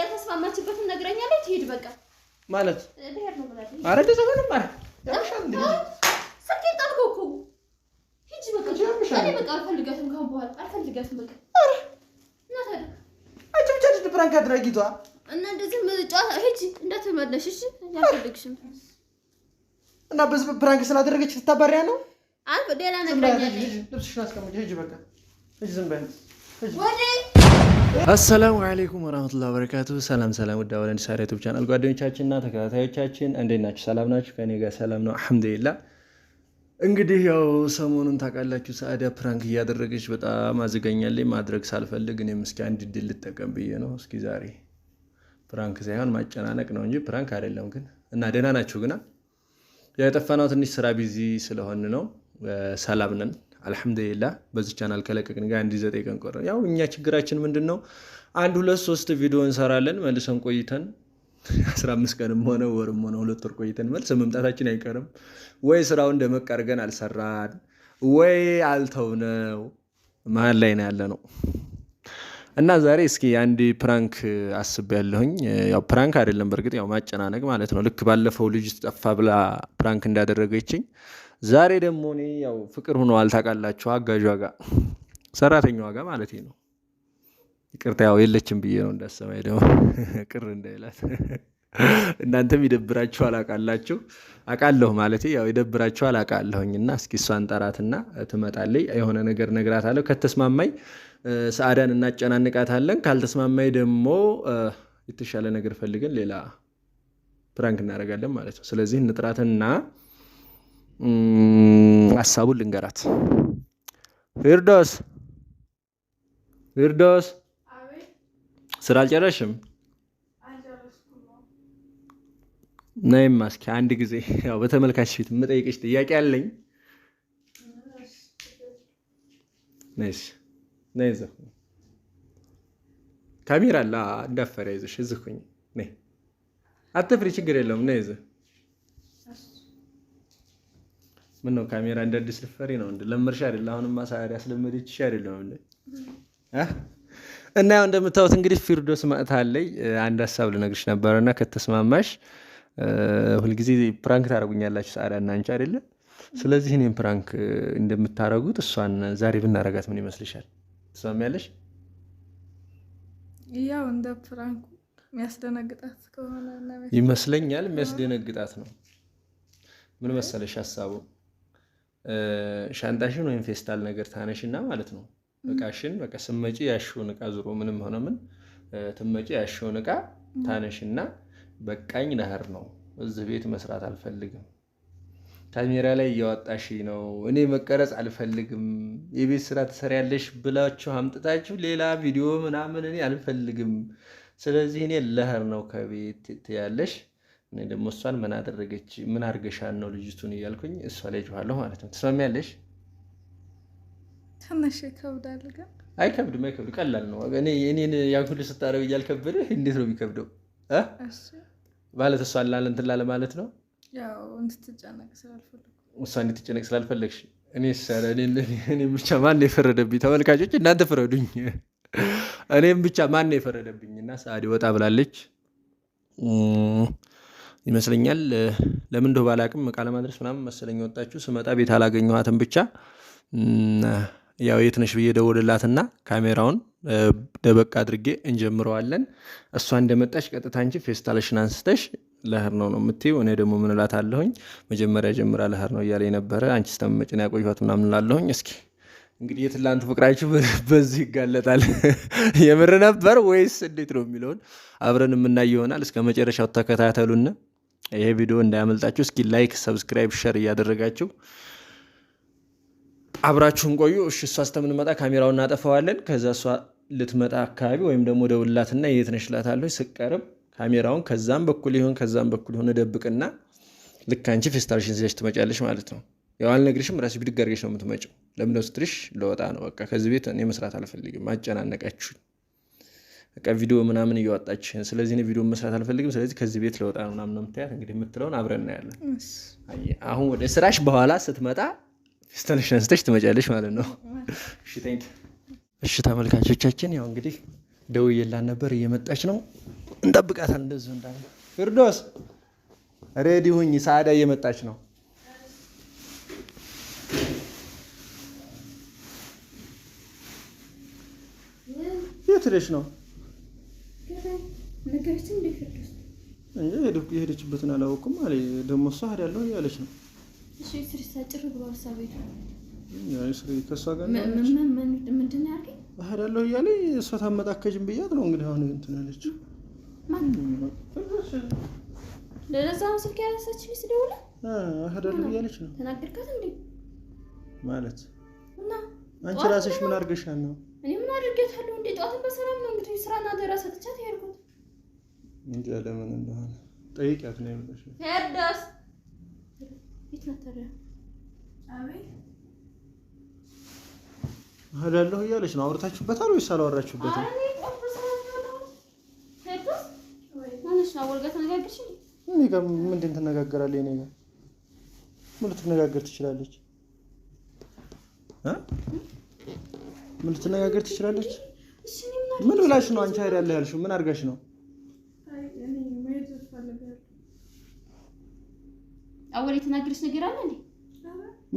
ያልተስማማችበትን ነግረኛለች። ሂድ በቃ ማለት ብሄር ነው ማለት አልፈልጋትም። ፕራንክ አድራጊቷ እና እንደዚህ ጨዋታ ሂጅ እንዳትመለሽ እሺ። ያልፈልግሽም እና በዚህ ፕራንክ ስላደረገች ልታባሪያ ነው። ሌላ ነገር ልብስሽን አስቀምጪ ሂጅ በቃ ሂጅ ዝም በይ ወዴ አሰላሙ አለይኩም ወራህመቱላሂ ወበረካቱ። ሰላም ሰላም፣ ውድ አወለን ሳር ዩቲዩብ ቻናል ጓደኞቻችንና ተከታታዮቻችን እንዴት ናችሁ? ሰላም ናችሁ? ከኔ ጋር ሰላም ነው አልሐምዱሊላህ። እንግዲህ ያው ሰሞኑን ታውቃላችሁ ሰአዳ ፕራንክ እያደረገች በጣም አዘጋኛለች። ማድረግ ሳልፈልግ እኔም እስኪ አንድ ድል ልጠቀም ብዬ ነው። እስኪ ዛሬ ፕራንክ ሳይሆን ማጨናነቅ ነው እንጂ ፕራንክ አይደለም። ግን እና ደህና ናችሁ? ግና የጠፋነው ትንሽ ስራ ቢዚ ስለሆን ነው። ሰላም ነን አልሐምዱሊላ በዚህ ቻናል ከለቀቅን ጋር አንድ ዘጠኝ ቀን ቆረ። ያው እኛ ችግራችን ምንድን ነው? አንድ ሁለት ሶስት ቪዲዮ እንሰራለን መልሰን ቆይተን 15 ቀንም ሆነ ወርም ሆነ ሁለት ወር ቆይተን መልስ መምጣታችን አይቀርም። ወይ ስራውን እንደመቀርገን አልሰራን፣ ወይ አልተውነው መሀል ላይ ነው ያለ ነው እና ዛሬ እስኪ አንድ ፕራንክ ያለሁኝ ያው ፕራንክ አይደለም በእርግጥ ያው ማጨናነቅ ማለት ነው። ልክ ባለፈው ልጅ ጠፋ ብላ ፕራንክ እንዳደረገችኝ ዛሬ ደግሞ እኔ ያው ፍቅር ሆነዋል ታውቃላችሁ፣ አጋዧ ጋር ሰራተኛዋ ጋር ማለት ነው። ይቅርታ ያው የለችም ብዬ ነው እንዳሰማኝ ደግሞ ቅር እንዳይላት እናንተም ይደብራችሁ አላቃላችሁ አቃለሁ ማለት ያው ይደብራችሁ አላቃለሁኝ እና እስኪ እሷን ጠራትና ትመጣለች። የሆነ ነገር እነግራታለሁ። ከተስማማኝ ሰአዳን እናጨናንቃታለን። ካልተስማማኝ ደግሞ የተሻለ ነገር ፈልገን ሌላ ፕራንክ እናደርጋለን ማለት ነው። ስለዚህ እንጥራትና ሀሳቡን ልንገራት። ፊርዶስ ፊርዶስ፣ ስራ አልጨረሽም? ነይም እስኪ አንድ ጊዜ ያው በተመልካች ፊት የምጠይቅሽ ጥያቄ አለኝ። ነይስ ነይ፣ ካሜራ አለ እንዳፈሪ፣ ይዘሽ እዚህ ሁኚ። አትፍሪ፣ ችግር የለውም። ነይ እዚህ ምን ነው ካሜራ እንደ አዲስ ልፈሪ ነው እንደ ለምርሽ አይደለ? አሁንማ ሳሪ ያስለመደችሽ አይደለም እንዴ? እና ያው እንደምታዩት እንግዲህ ፊርዶስ ማእታለይ አንድ ሀሳብ ልነግርሽ ነበረና ከተስማማሽ ሁልጊዜ ፕራንክ ታደርጉኛላችሁ ሳሪ እና አንቺ አይደለ? ስለዚህ እኔም ፕራንክ እንደምታረጉት እሷን ዛሬ ብናረጋት ምን ይመስልሻል? ትስማሚያለሽ? ያው እንደ ፕራንኩ የሚያስደነግጣት ከሆነ ይመስለኛል። የሚያስደነግጣት ነው። ምን መሰለሽ ሀሳቡ ሻንጣሽን ወይም ፌስታል ነገር ታነሽና ማለት ነው እቃሽን በቃ ስመጪ ያሽውን እቃ ዙሮ ምንም ሆነ ምን ትመጪ ያሽውን እቃ ታነሽና በቃኝ ነህር ነው እዚህ ቤት መስራት አልፈልግም ካሜራ ላይ እያወጣሽ ነው። እኔ መቀረጽ አልፈልግም። የቤት ስራ ትሰሪያለሽ ብላችሁ አምጥታችሁ ሌላ ቪዲዮ ምናምን እኔ አልፈልግም። ስለዚህ እኔ ለህር ነው ከቤት ትያለሽ። እኔ ደግሞ እሷን ምን አደረገች ምን አርገሻን ነው ልጅቱን እያልኩኝ እሷ ላይ ጮኋለሁ ማለት ነው። ትሰሚያለሽ? ትንሽ ይከብዳል፣ ግን አይከብድም። አይከብድ ቀላል ነው። እኔን ያን ሁሉ ስታረብ እያልከበደህ እንዴት ነው የሚከብደው? ማለት እሷ ላለንትላ ለማለት ነው እሷ እንድትጨነቅ ስላልፈለግሽ እኔ እኔም ብቻ ማን የፈረደብኝ? ተመልካቾች እናንተ ፍረዱኝ። እኔም ብቻ ማን የፈረደብኝ? እና ሰአዲ ወጣ ብላለች። ይመስለኛል ለምን እንደሆነ ባላቅም ቃለ ማድረስ ምናምን መሰለኝ ወጣችሁ ስመጣ ቤት አላገኘኋትም። ብቻ ያው የት ነሽ ብዬ ደወልላትና ካሜራውን ደበቅ አድርጌ እንጀምረዋለን። እሷ እንደመጣች ቀጥታ እንጂ ፌስታልሽን አንስተሽ ለህር ነው ነው የምትይው። እኔ ደግሞ ምን እላታለሁኝ መጀመሪያ ጀምራ ለህር ነው እያለ የነበረ አንቺ ስተመመጭን ያቆዩት ምናምን እላለሁኝ። እስኪ እንግዲህ የትላንት ፍቅራችሁ በዚህ ይጋለጣል። የምር ነበር ወይስ እንዴት ነው የሚለውን አብረን የምናይ ይሆናል። እስከ መጨረሻው ተከታተሉና ይሄ ቪዲዮ እንዳያመልጣችሁ። እስኪ ላይክ፣ ሰብስክራይብ፣ ሸር እያደረጋችሁ አብራችሁን ቆዩ። እሺ እሷ ስተምንመጣ ካሜራውን እናጠፈዋለን። ከዛ እሷ ልትመጣ አካባቢ ወይም ደግሞ ደውላትና የት ነሽ እላታለሁ። ስቀርብ ካሜራውን ከዛም በኩል ይሁን ከዛም በኩል ይሁን እደብቅና ልክ አንቺ ፌስታልሽን ይዘሽ ትመጫለሽ ማለት ነው። ያው አልነግርሽም፣ ራስሽ ብድግ አድርገሽ ነው የምትመጪው። ለምነው ስትልሽ ለወጣ ነው በቃ ከዚህ ቤት እኔ መስራት አልፈልግም፣ አጨናነቃችሁኝ በቃ ቪዲዮ ምናምን እያወጣች ስለዚህ ቪዲዮ መስራት አልፈልግም፣ ስለዚህ ከዚህ ቤት ለወጣ ነው ምናምን የምትያት እንግዲህ የምትለውን አብረን እናያለን። አሁን ወደ ስራሽ በኋላ ስትመጣ ፌስታልሽ ነስተሽ ትመጫለሽ ማለት ነው። እሺ ተመልካቾቻችን፣ ያው እንግዲህ ደውዬላን ነበር፣ እየመጣች ነው፣ እንጠብቃታል። እንደዚሁ እንዳ ፍርዶስ ሬዲ ሁኝ፣ ሳዳ እየመጣች ነው። የት ነው? የሄደችበትን አላወቅኩም አለ። ደግሞ እሷ እሄዳለሁ እያለች ነው። እሺ ብሎ እሄዳለሁ እያለ እሷ ታመጣከጅም ብያት ነው እንግዲህ አሁን እንትን አለች። እሄዳለሁ እያለች ነው። ተናገርካት እንዴ ማለት አንቺ ራስሽ ምን አድርገሻል ነው? እኔ ምን አድርጌታለሁ እንዴ? ጠዋትን በሰላም ነው እንግዲህ ስራና ደራ ሰጥቻት ሄድኩት እንጃ ለምን እንደሆነ ጠይቂያት ነው የምልሽ። ሄርዶስ እሄዳለሁ እያለች ነው። አውርታችሁበታል ወይስ አላወራችሁበትም? እኔ ጋር ምንድን ትነጋገራለች? እኔ ጋር ምን ልትነጋገር ትችላለች? ምን ልትነጋገር ትችላለች? ምን ብላሽ ነው አንቺ ሄዳለሁ ያልሽው? ምን አድርጋሽ ነው አወል የተናገረች ነገር አለ እንዴ?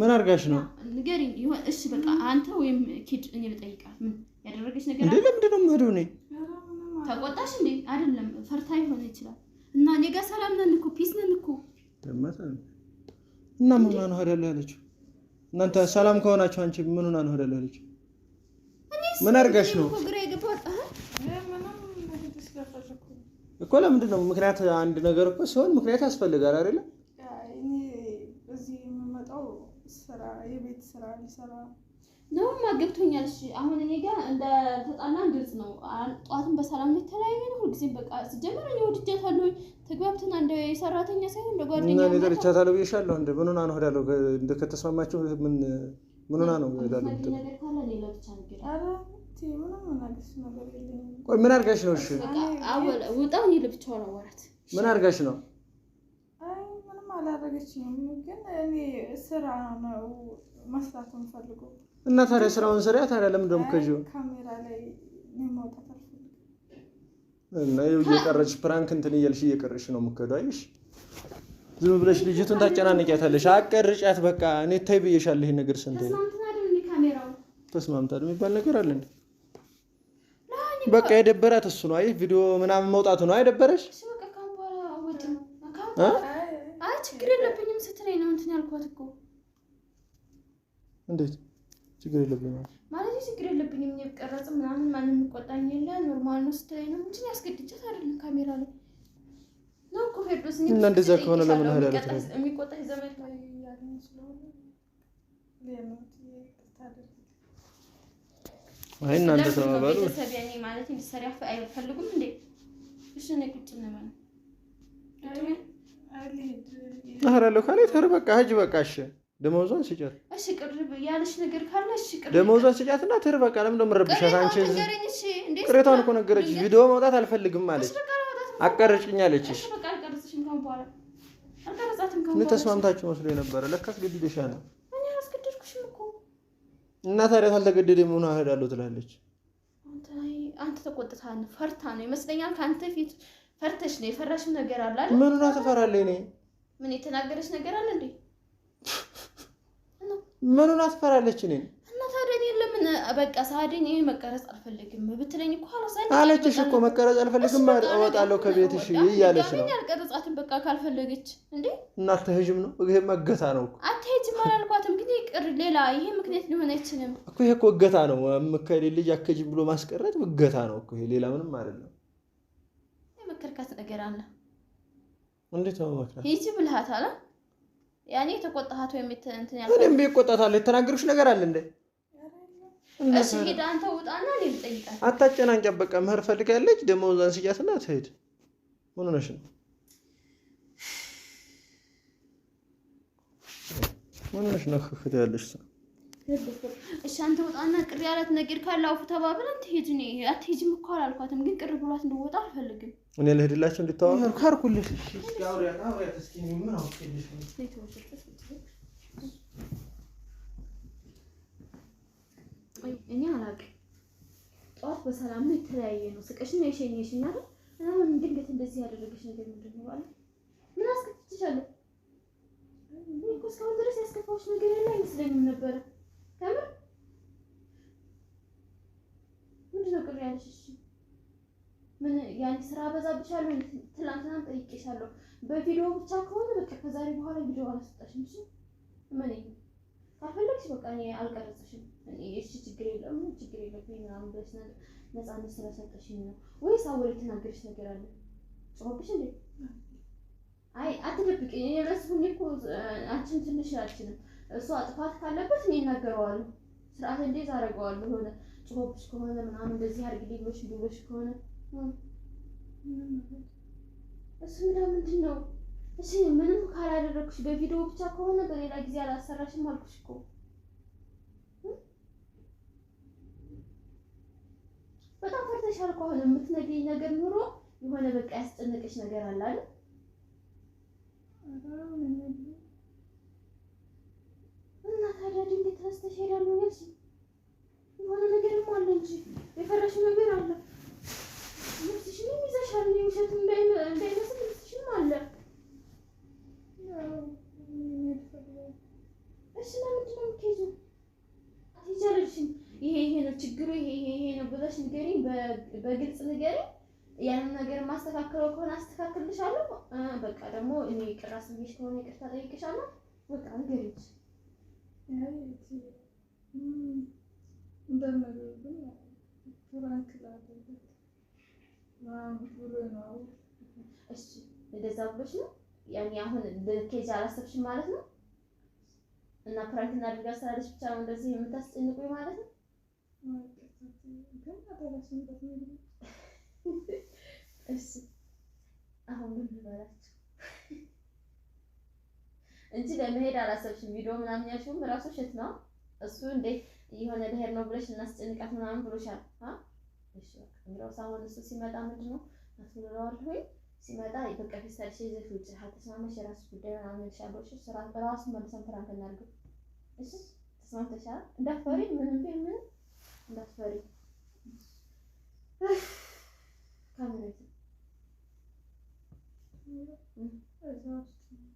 ምን አድርጋሽ ነው ንገሪኝ። እሺ በቃ አንተ ወይም ኪድ እኔ ልጠይቃት። ምን ያደረገች ነገር አለ እንዴ? ለምንድን ነው የምሄደው እኔ? ተቆጣሽ እንዴ? አይደለም ፈርታ ይሆን ይችላል። እና እኔ ጋር ሰላም ነን እኮ ፒስ ነን እኮ እና ምን ሆና ነው ሄዳለሁ ያለችው? እናንተ ሰላም ከሆናችሁ አንቺ ምን ሆና ነው ሄዳለሁ ያለችው? ምን አድርጋሽ ነው እኮ? ለምንድን ነው ምክንያት? አንድ ነገር እኮ ሲሆን ምክንያት ያስፈልጋል አይደለም ስራ የቤት ስራ ሊሰራ ነው ማገብቶኛል። እሺ አሁን እኔ ጋር እንደ ተጣላን ግልጽ ነው። ጠዋትም በሰላም ነው የተለያየ ነው። ሁልጊዜም በቃ ሲጀመር እኔ ወድጃታለሁ። ተግባብተና እንደ የሰራተኛ ሳይሆን እንደ ጓደኛ ነው ነገር ብዬሻለሁ። እንደ ምን ሆና ነው እሄዳለሁ። እንደ ከተስማማችሁ ምን ምን ሆና ነው እሄዳለሁ። ቆይ ምን አድርጋሽ ነው? እሺ አወል ውጣው። እኔ ለብቻው ነው ወራት ምን አድርጋሽ ነው? አላረገችኝም፣ ግን እኔ ስራ ነው መስራት የምፈልገው። እና ታዲያ ስራውን ስሪያ። ታዲያ ለምን ደግሞ ከዚሁ ካሜራ ላይ መውጣት አልፈልግም። እና ይኸው እየቀረች ፕራንክ እንትን እያልሽ እየቀረሽ ነው የምትሄደው። አይሽ ዝም ብለሽ ልጅቱን ታጨናነቂያታለሽ። አቀርጫት በቃ። እኔ ታይ ብዬሻለሁ። ይሄ ነገር ስንት ተስማምታ የሚባል ነገር አለ እንዴ? በቃ የደበራት እሱ ነው። አይ ቪዲዮ ምናምን መውጣቱ ነው አይደበረሽ? ችግር የለብኝም ስትለኝ ነው እንትን ያልኳት እኮ። እንዴት ችግር የለብኝም ማለት ችግር የለብኝም የሚቀረጽ ምናምን ማንም የሚቆጣኝ የለ ኖርማል ነው ስትለኝ ነው እንጂ ያስገድጃት አይደለም ካሜራ ላይ ነው እኮ ሄዶስ። እና እንደዛ ከሆነ ለምን ሄዳ የሚቆጣኝ ዘመድ ላይ ያገኝ ስለሆነ አይ እናንተ ተባባሉ። ማለት እንዲሰሪ አይፈልጉም እንዴ? እሺ እኔ ቁጭ እንበል እሄዳለሁ ካለች ተር በቃ ሂጅ በቃ እሺ ደመወዟን ስጫት። እሺ ቅርብ ያለሽ ነገር ካለ እሺ ቅርብ ደመወዟን ስጫት ተር በቃ ለምን ረብሻት አንቺ ቅሬታውን እኮ ነገረች። ቪዲዮ መውጣት አልፈልግም አለች። አቀረጭኝ አለች። እሺ ምን ተስማምታችሁ መስሎ የነበረ ለካ አስገድደሻ ነው። እና ታዲያ ካልተገደደ መሆኑ እሄዳለሁ ትላለች። አንተ ተቆጥተሃል፣ ፈርታ ነው ይመስለኛል ከአንተ ፊት ፈርተሽ ነው የፈራሽም ነገር አለ አይደል? ምኑና ትፈራለህ? እኔ ምን የተናገረች ነገር አለ እንዴ? ምኑና ትፈራለች? እኔ እና ታዲያ እኔን ለምን በቃ ሳደኝ ይሄ መቀረጽ አልፈልግም ብትለኝ እኮ አላሳኝ አለችሽ እኮ መቀረጽ አልፈልግም እወጣለሁ ከቤትሽ እያለች ነው። አልቀረጻትም በቃ ካልፈለገች እንዴ። እና አትሄጂም ነው ይሄ መገታ ነው እኮ አትሄጂም አላልኳትም፣ ግን ይቅር ሌላ ይሄ ምክንያት ሊሆን አይችልም እኮ ይሄ እኮ እገታ ነው። ምከሌ ልጅ አትሄጂም ብሎ ማስቀረት እገታ ነው እኮ ይሄ ሌላ ምንም አይደለም። የመከርካት ነገር አለ። እንዴት መመክራት? ሂጂ ብልሃት አለ። ያኔ የተቆጣሃት ወይም እንትን ያልኩት እኔም እቆጣታለሁ። የተናገሩሽ ነገር አለ እንዴ? እሺ ሂድ አንተ ውጣና እኔ ልጠይቃት። አታጨናንቂያት። በቃ መሄድ ፈልጋለች። ደመወዟን ስጫትና ትሄድ። ምን ሆነሽ ነው? ምን ሆነሽ ነው? ክፍት ያለሽ ሰው እሺ አንተ ወጣና ቅር ያላት ነገር ካለ አውፍ ተባብለን አትሄጂ ነው አትሄጂም እኮ አላልኳትም፣ ግን ቅር ብሏት እንደወጣ አልፈልግም። እኔ ልሄድላችሁ እንድታወሩ ካልኩልሽ እኔ አላውቅም። ጠዋት በሰላም ነው የተለያየ ነው ስቀሽ ነው የሸኘሽ ድንገት እንደዚህ ያደረገሽ ነገር ምንድን ነው አለ። ምን እስካሁን ድረስ ያስከፋሁሽ ነገር አይመስለኝም ነበረ ለምን ምንድን ነው ቅር ያለሽ? እሺ ምን ያን ስራ አበዛብሻለሁ? ትላንትናም ጠይቄሻለሁ። በቪዲዮ ብቻ ከሆነ በቃ ከዛሬ በኋላ ቪዲዮ አላስወጣሽም። እሺ ምን ይሄ ካልፈለግሽ በቃ እኔ አልቀረጽሽም። እሺ ችግር የለም ችግር የለብኝ ምናምን ብለሽ ነፃነት ስለሰጠሽኝ ነው ወይስ አወል የተናገርሽ ነገር አለ? ጮኸብሽ እንዴ? አይ አትደብቂ። እኔ ረስሁኝ እኮ አንቺን ትንሽ አልችልም እሱ ጥፋት ካለበት እኔ እናገረዋለሁ። ስርዓት እንዴት አደርገዋለሁ? የሆነ ጽሁፍሽ ከሆነ ምናምን እንደዚህ አድርጊልኝ ብሎሽ ብሎሽ ከሆነ እሱ ምንድን ነው እሺ፣ ምንም ካላደረግኩሽ በቪዲዮ ብቻ ከሆነ በሌላ ጊዜ አላሰራሽም አልኩሽ እኮ በጣም ፈርተሻል እኮ አሁን የምትነግሪኝ ነገር ኑሮ የሆነ በቃ ያስጨነቀሽ ነገር አለ አይደል? ታዲያ ድንገት ያልሽ የሆነ ነገርም አለ እንጂ የፈራሽው ነገር አለ። ልብስሽንም ይዘሻል። የውሸት እንዳይመስል ልብስሽም አለ። እሺ ለምንድን ነው የምትሄጂው? ይሄ ይሄ ነው ችግሩ፣ ይሄ ይሄ ነው ብለሽ ንገሪኝ፣ በግልጽ ንገሪኝ። ያንን ነገር ማስተካከለው ከሆነ አስተካክልልሻለሁ። በቃ ደግሞ እኔ ከሆነ ይቅርታ ጠይቅሻለሁ። በቃ ንገሪኝ። እሺ እንደዛ ብሎሽ ነው ያኔ አሁን ልኬጅ አላሰብሽም ማለት ነው። እና ፕራንክ እናድርጋ ስላለሽ ብቻ ነው እንደዚህ የምታስጨንቁኝ ማለት ነው። እሺ አሁን ምን ልበላችሁ? እንጂ ለመሄድ አላሰብሽም። ቪዲዮ ምናምን ያልሽውም እራሱ ሽት ነው። እሱ እንዴት የሆነ ልሄድ ነው ብለሽ እናስጨንቃት ምናምን ብሎሻል። እሺ ሳሞን እሱ ሲመጣ ምንድን ነው ሆይ ሲመጣ በቃ ፌስታልሽ ይዘሽ ውጭ ከተስማማሽ የራሱ ጉዳይ ምናምን እልሻለሁ። እሺ ስራ ራሱ መልሰን ፕራንክ እናድርገው። እሺ ተስማምተሻል? እንዳትፈሪ ምንም ቢሆን ምን እንዳትፈሪ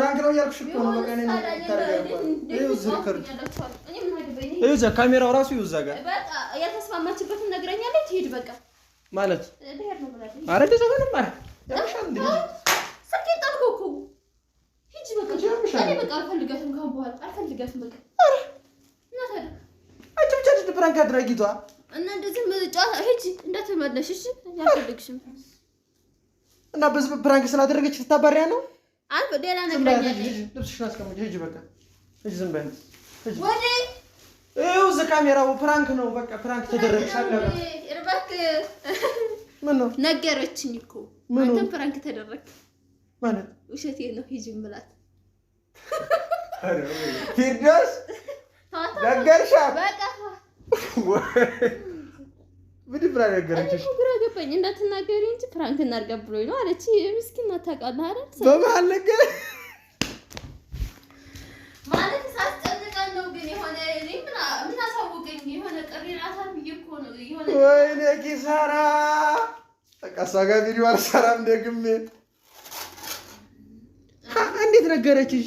ፕራንክ ነው እያልኩሽ እኮ ነው። በቃ እኔ ታረጋግጣለሁ። ካሜራው ራሱ ይኸው እዛ ጋር ያልተስማማችበትን ነግረኛለች። ሂድ በቃ ማለት ኧረ እንደዚያ ምንም ኧረ ያምሻል እንደ ስልኬን ጣልኩ እኮ ሂጂ በቃ እኔ በቃ አልፈልጋትም፣ ከአሁን በኋላ አልፈልጋትም። በቃ ኧረ እና ታዲያ አንቺ ብቻ ነሽ ፕራንክ አድራጊቷ እና እንደዚህ ጨዋታ ሂጂ እንዳትመለሽ እሺ፣ አልፈልግሽም እና በዚህ ፕራንክ ስላደረገች ልታባሪያ ነው አልፍ ሌላ ነግራኛለሽ። ልብስሽን አስቀምጪ፣ ካሜራው ፕራንክ ነው። በቃ ፕራንክ ነገረችኝ እኮ አንተም ፕራንክ ተደረግ ማለት ውሸቴ ነው። ሂጂ እምላት ፊርዶስ ነገርሻት በቃ ምን ብላ ነገረችሽ? ግራ ገባኝ። እንዳትናገሪ እንጂ ፕራንክ እናድርገን ብሎኝ ነው አለች። ምስኪን ማታውቃለህ አይደል? በመሀል ነገር ማለት ሳስጨንቀን ነው። ግን የሆነ ምን አሳወቀኝ የሆነ እኮ ነው። ወይኔ ኪሳራ። በቃ እሷ ጋር ቪዲዮ አልሰራም ደግሜ። እንዴት ነገረችሽ?